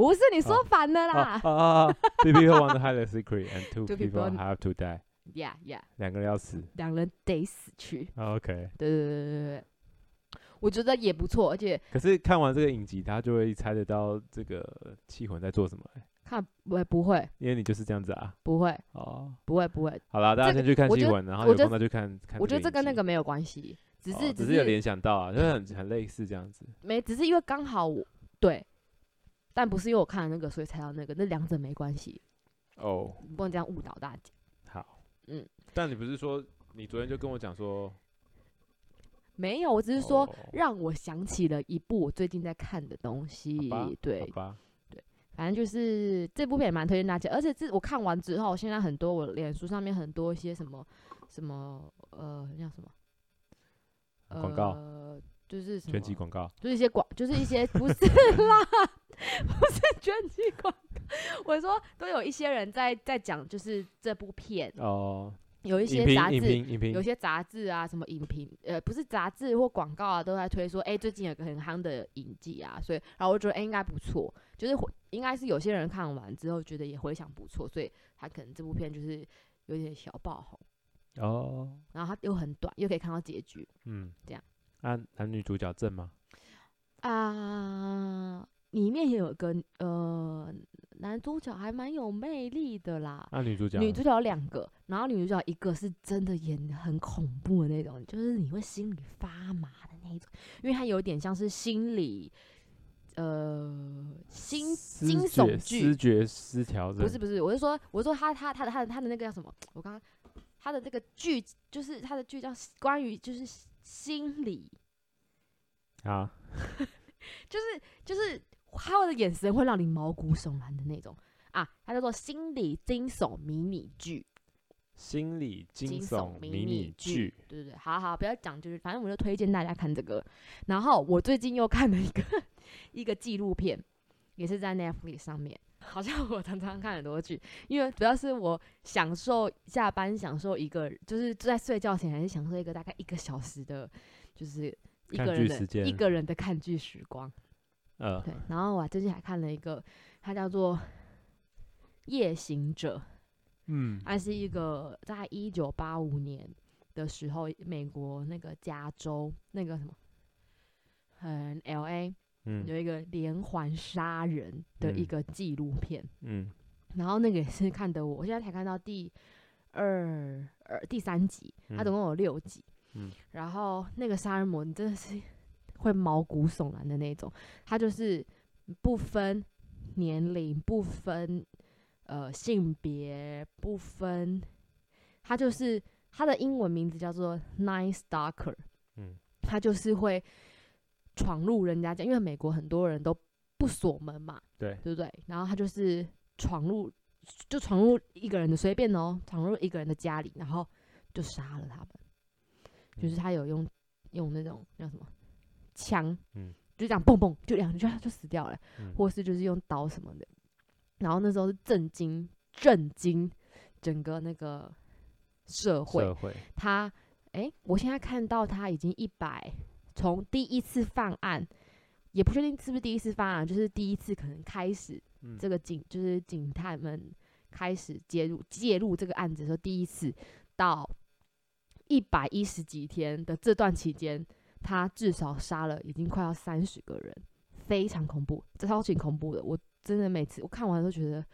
不是你說反了啦 oh, oh, oh, oh, oh, oh. ！Two people want to hide a secret and Two people have to die. Yeah, yeah. 兩個人要死。兩個人得死去。Oh, OK. 對對對對。我覺得也不錯，而且可是看完這個影集，他就會猜得到這個氣魂在做什麼、欸。看不不會，因為你就是這樣子啊，不會哦，oh. 不會不會。好啦，大家先去看氣魂、這個，然後有空再去看看。我覺得這跟那個沒有關係，只是、oh, 只是有聯想到啊，就 很很類似這樣子。沒，只是因為剛好，對。但不是因為我看了那個，所以才要那個，那兩者沒關係。哦、oh, 嗯，不能這樣誤導大家。好，嗯。但你不是說你昨天就跟我講說？沒有，我只是說讓我想起了一部我最近在看的東西。Oh. 對吧？Oh. 對, oh. 對，反正就是這部片也蠻推薦大家，而且這我看完之後，現在很多我臉書上面很多一些什麼什麼呃叫什麼？廣、呃、告。呃就是什麼？就是一些廣，就是一些不是啦， 不是全集廣告。我說都有一些人在在講，就是這部片哦，有一些雜誌、有一些雜誌啊，啊，什麼影評，呃，不是雜誌或廣告啊，都在推說，哎、欸，最近有個很夯的影集啊，所以然後我覺得，哎、欸，應該不錯，就是應該是有些人看完之後覺得也回想不錯，所以他可能這部片就是有點小爆紅哦，然後他又很短，又可以看到結局，嗯，這樣。啊，男女主角正嗎？啊，裡面也有個呃，男主角還蠻有魅力的啦。啊，女主角，女主角有兩個，然後女主角一個是真的演很恐怖的那種，就是你會心裡發麻的那種，因為他有點像是心理呃，心驚悚劇，思覺失調。不是不是，我是說，我是說他她她的她的那個叫什麼？我剛剛他的那個劇就是他的劇叫關於就是。心理啊 、就是，就是就是他的眼神會讓你毛骨悚然的那種啊，它叫做心理驚悚迷你劇。心理驚悚迷你劇，對對對，好好不要講，就是反正我就推薦大家看這個。然後我最近又看了一個一個紀錄片，也是在 Netflix 上面。好像我常常看很多劇，因為主要是我享受下班，享受一個就是在睡覺前，還是享受一個大概一個小時的，就是一個人的一個人的看劇時光。呃，對。然後我最近還看了一個，它叫做《夜行者》。嗯，它是一個在一九八五年的時候，美國那個加州那個什麼，嗯，LA。有一個連環殺人的一個紀錄片，嗯，嗯，然後那個也是看得，我，我現在才看到第二、二第三集，嗯，它總共有六集，嗯嗯，然後那個殺人魔，你真的是會毛骨悚然的那種，他就是不分年齡、不分呃性別、不分，他就是他的英文名字叫做 Nine Stalker，他、嗯、就是會。闖入人家家，因為美國很多人都不鎖門嘛，對，對不對？然後他就是闖入，就闖入一個人的隨便哦，闖入一個人的家裡，然後就殺了他們。就是他有用、嗯、用那種叫什麼槍，嗯，就這樣蹦蹦，就兩下就，就死掉了、嗯，或是就是用刀什麼的。然後那時候是震驚，震驚整個那個社會。社會他誒，我現在看到他已經一百。從第一次犯案，也不確定是不是第一次犯案，啊，就是第一次可能開始，這個警、嗯、就是警探們開始介入介入這個案子的時候，第一次到一百一十幾天的這段期間，他至少殺了已經快要三十個人，非常恐怖，這超級恐怖的。我真的每次我看完都覺得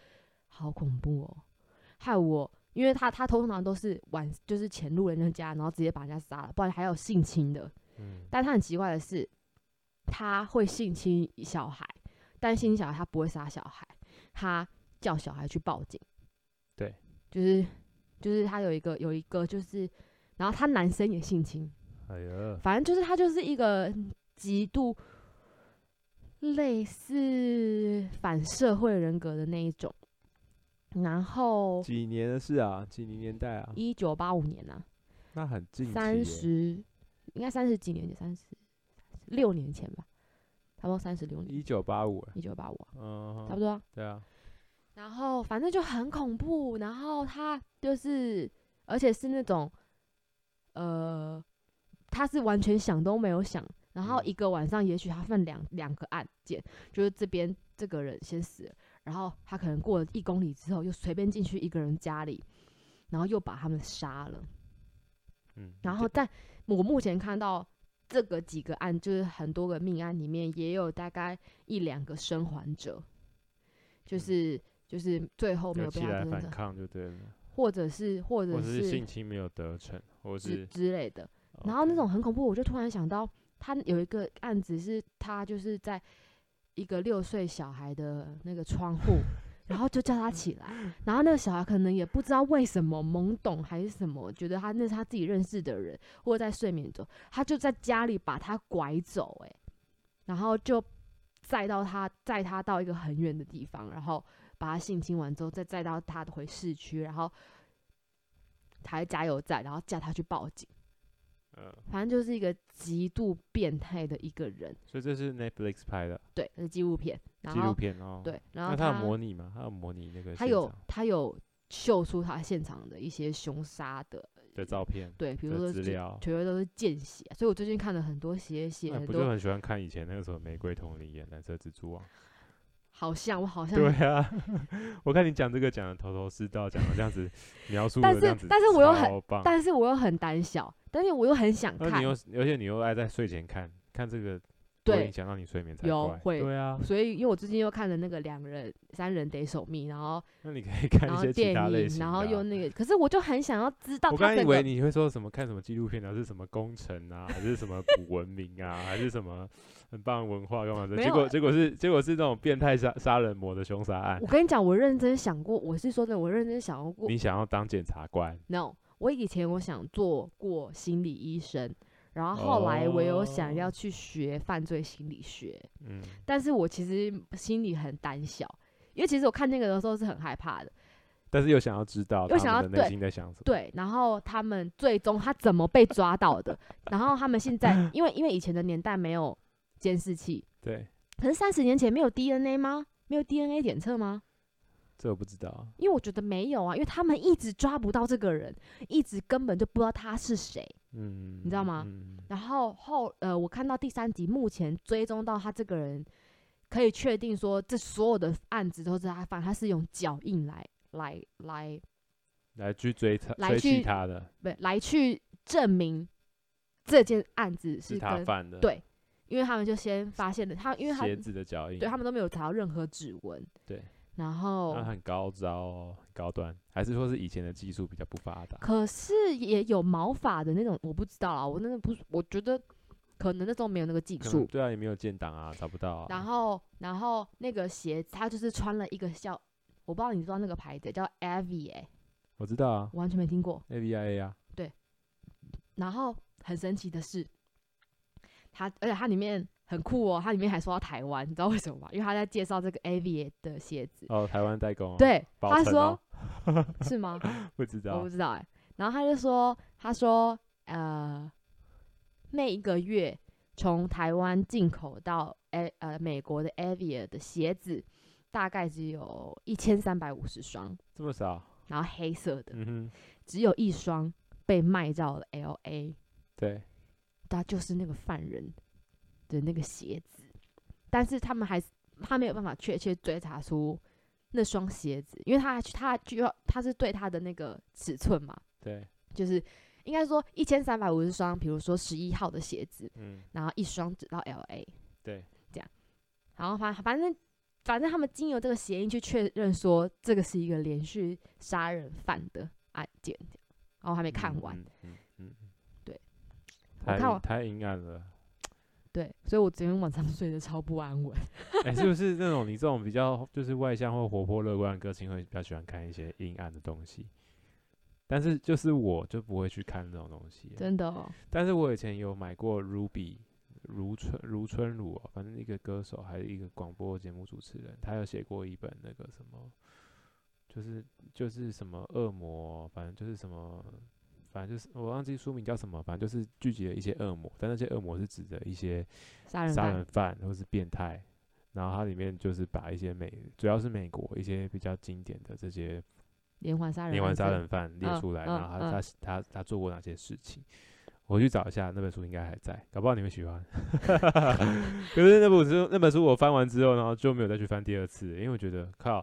好恐怖哦，害我因為他他通常都是晚就是潛入人家家，然後直接把人家殺了，不然還有性侵的。嗯，但他很奇怪的是，他會性侵小孩，但性侵小孩他不會殺小孩，他叫小孩去報警。對，就是，就是他有一個有一個就是，然後他男生也性侵，哎呀，反正就是他就是一個極度類似反社會人格的那一種。然後幾年的事啊，幾零年代啊，一九八五年吶，那很近，三十。應該三十幾年前，三十六年前吧，差不多三十六年。一九八五，一九八五啊？嗯，差不多啊。對啊，然後反正就很恐怖。然後他就是，而且是那種，呃，他是完全想都沒有想。然後一個晚上，也許他犯兩兩個案件，嗯，就是這邊這個人先死了，然後他可能過了一公里之後，又隨便進去一個人家裡，然後又把他們殺了。嗯，然後但。嗯，但我目前看到這個幾個案，就是很多個命案裡面，也有大概一兩個生還者，就是、嗯、就是最後沒有被他反抗就對了，或者是或者是，或者是性侵沒有得逞，或是之、之類的。然後那種很恐怖，我就突然想到，他有一個案子是，他就是在一個六歲小孩的那個窗戶。 然後就叫他起來，然後那個小孩可能也不知道為什麼，懵懂還是什麼，覺得他那是他自己認識的人，或者在睡眠中，他就在家裡把他拐走、欸，哎，然後就載到他載他到一個很遠的地方，然後把他性侵完之後，再載到他回市區，然後他在加油站，然後叫他去報警。呃，反正就是一個極度變態的一個人，所以這是 Netflix 拍的，對，那是紀錄片，紀錄片哦，對，然後他，他有模擬嗎？他有模擬那個，他有他有秀出他現場的一些兇殺的的照片，對，比如說資、就是、料，全部都是見血，所以我最近看了很多血血、欸，不是就很喜歡看以前那個時候玫瑰瞳鈴眼、藍色蜘蛛網，好像我好像對啊， 我看你講這個講的頭頭是道，講的這樣子 描述的這樣子，但是但是我又很，很，但是我又很膽小。但是我又很想看，而且你，你又愛在睡前看看這個，會影響到你睡眠才怪。才會，對啊，所以因為我最近又看了那個《兩人三人得守密》，然後那你可以看一些電影其他類型，啊，然後用那個。可是我就很想要知道、那個。我剛以為你會說什麼看什麼紀錄片，啊，然後是什麼工程啊，還是什麼古文明啊， 還是什麼很棒文化幹嘛的，欸。結果結果是結果是那種變態殺殺人魔的兇殺案。我跟你講，我認真想過，我是說的，我認真想過，你想要當檢察官？No。我以前我想做過心理醫生，然後後來我有想要去學犯罪心理學，嗯、oh.，但是我其實心裡很膽小，因為其實我看那個的時候是很害怕的，但是又想要知道他們的內心在想什麼，想要對，對，然後他們最終他怎麼被抓到的， 然後他們現在，因為因為以前的年代沒有監視器，對，可是三十年前沒有 DNA 嗎？沒有 DNA 檢測嗎？這我不知道，因為我覺得沒有啊，因為他們一直抓不到這個人，一直根本就不知道他是誰，嗯，你知道嗎？嗯、然後後呃，我看到第三集，目前追蹤到他這個人，可以確定說這所有的案子都是他犯，他是用腳印來來來來去追他，來去他的，對，來去證明這件案子是,是他犯的，對，因為他們就先發現了他，因為他鞋子的腳印，對，他們都沒有找到任何指紋，對。然後、啊、很高招，高端，還是說是以前的技術比較不發達、啊？可是也有毛髮的那種，我不知道啊，我那個不是，我覺得可能那時候沒有那個技術，對啊，也沒有建檔啊，找不到、啊。然後，然後那個鞋，他就是穿了一個叫，我不知道你知道那個牌子叫 Avia，、欸、我知道啊，完全沒聽過 Avia、啊、AVI 呀、啊。對，然後很神奇的是，它而且它裡面。很酷哦，他裡面還說到台灣，你知道為什麼嗎？因為他在介紹這個 Avia 的鞋子哦，台灣代工。對，他說、哦、是嗎？ 不知道，我不知道哎、欸。然後他就說，他說呃，那一個月從台灣進口到 A 呃美國的 Avia 的鞋子，大概只有一千三百五十雙，這麼少。然後黑色的，嗯哼，只有一雙被賣到了 LA，對，他就是那個犯人。的那個鞋子，但是他們還是他沒有辦法確切追查出那雙鞋子，因為他他就要他，他是對他的那個尺寸嘛，對，就是應該說一千三百五十雙，比如說十一號的鞋子，嗯，然後一雙只到 LA，對，這樣，然後反反正反正他們經由這個鞋印去確認說這個是一個連續殺人犯的案件，然後還沒看完，嗯，嗯，嗯，嗯，對，我看我太陰暗了。對，所以我今天晚上睡得超不安穩。哎、 欸，是不是那種你這種比較就是外向或活潑樂觀的個性，會比較喜歡看一些陰暗的東西？但是就是我就不會去看這種東西，真的，哦。但是我以前有買過 Ruby，如春如春如、哦，反正一個歌手還是一個廣播節目主持人，他有寫過一本那個什麼，就是就是什麼惡魔，哦，反正就是什麼。反正就是我忘記書名叫什麼，反正就是聚集了一些惡魔，但那些惡魔是指的一些殺人殺人犯或是變態，然後它裡面就是把一些美，主要是美國一些比較經典的這些連環殺人犯連環殺人犯，殺人犯列出來，呃，然後他他他他做過哪些事情，我去找一下那本書應該還在，搞不好你們喜歡。 可是那本書那本書我翻完之後，然後就沒有再去翻第二次，因為我覺得靠。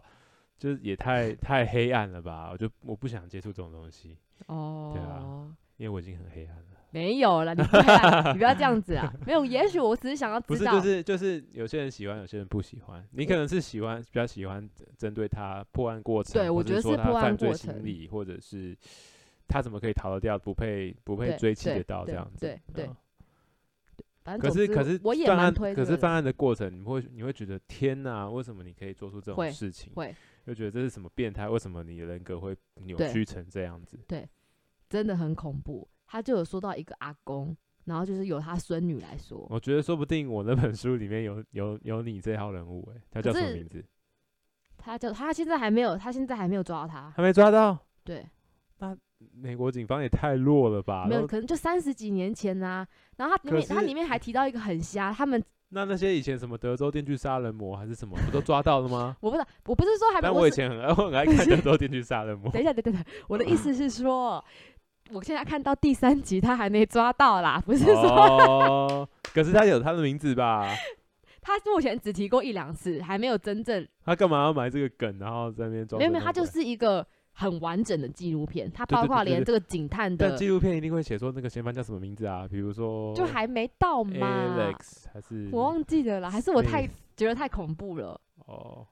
就是也太太黑暗了吧？我就我不想接觸這種東西哦，對啊，因為我已經很黑暗了，沒有了，你不， 你不要這樣子啊！沒有，也許我只是想要知道，不是就是就是有些人喜歡，有些人不喜歡。你可能是喜歡比較喜歡針對他破案過程，對或是說他犯罪心理，我覺得是破案過程，或者是他怎麼可以逃得掉，不配不配追清得到這樣子。對，可是可是犯案，可是犯案，案的過程，你會你會覺得天哪、啊，為什麼你可以做出這種事情？會。就覺得這是什麼變態？為什麼你的人格會扭曲成這樣子？對，對，真的很恐怖。他就有說到一個阿公，然後就是由他孫女來說。我覺得說不定我那本書裡面有有有你這號人物、欸、他叫什麼名字？他叫他現在還沒有，他現在還沒有抓到他，還沒抓到。對，那美國警方也太弱了吧？沒有，可能就三十幾年前呢，啊，然後他裡面他裡面還提到一個很瞎，他們。那那些以前什麼德州電鋸殺人魔還是什麼，不都抓到了嗎？ 我不是，我不是說還沒有。但我以前很很愛看德州電鋸殺人魔。等一下，等，等，等，我的意思是說， 我現在看到第三集，他還沒抓到啦，不是說、哦。 可是他有他的名字吧？ 他目前只提過一兩次，還沒有真正。他幹嘛要埋這個梗，然後在那邊裝？沒有，沒有，他就是一個。很完整的紀錄片，它包括連這個警探的對對對對對。但紀錄片一定會寫說那個嫌犯叫什麼名字啊？比如說，就還沒到嗎 Alex, 還是我忘記了啦，還是我太、Me. 覺得太恐怖了。哦、oh,，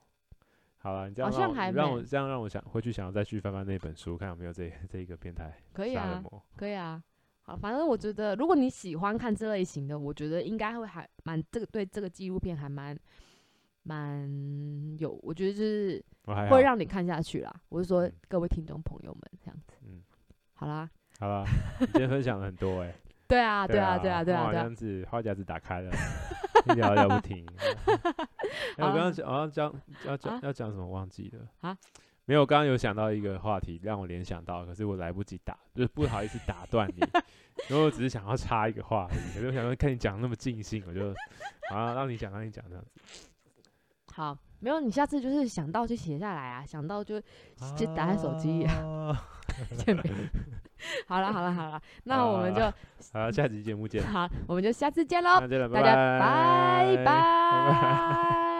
好啦，你這樣，好像還沒讓我這樣讓我想回去想要再去翻翻那本書，看有沒有這這一個變態可以啊，殺人魔，可以啊，好，反正我覺得如果你喜歡看這類型的，我覺得應該會還蠻這個對這個紀錄片還蠻。蠻有，我覺得就是會讓你看下去啦。我是說，各位聽眾朋友們，這樣子，嗯，好啦，好啦，你今天分享了很多哎、欸，對啊，對啊，對啊，對啊，對啊對啊對啊，這樣子，話匣子打開了， 你聊一聊不停。我剛剛講，我剛講要講要講、啊、什麼忘記了啊？沒有，剛剛有想到一個話題，讓我聯想到，可是我來不及打，就是不好意思打斷你。因為 我只是想要插一個話題，我就想說看你講那麼盡興，我就啊，讓你講，讓你講這樣子。好，沒有你下次就是想到就寫下來啊，想到就就打開手機啊，啊 好啦好啦好啦， 那我們就好，好下次節目見，好我們就下次見嘍，再見大家拜拜。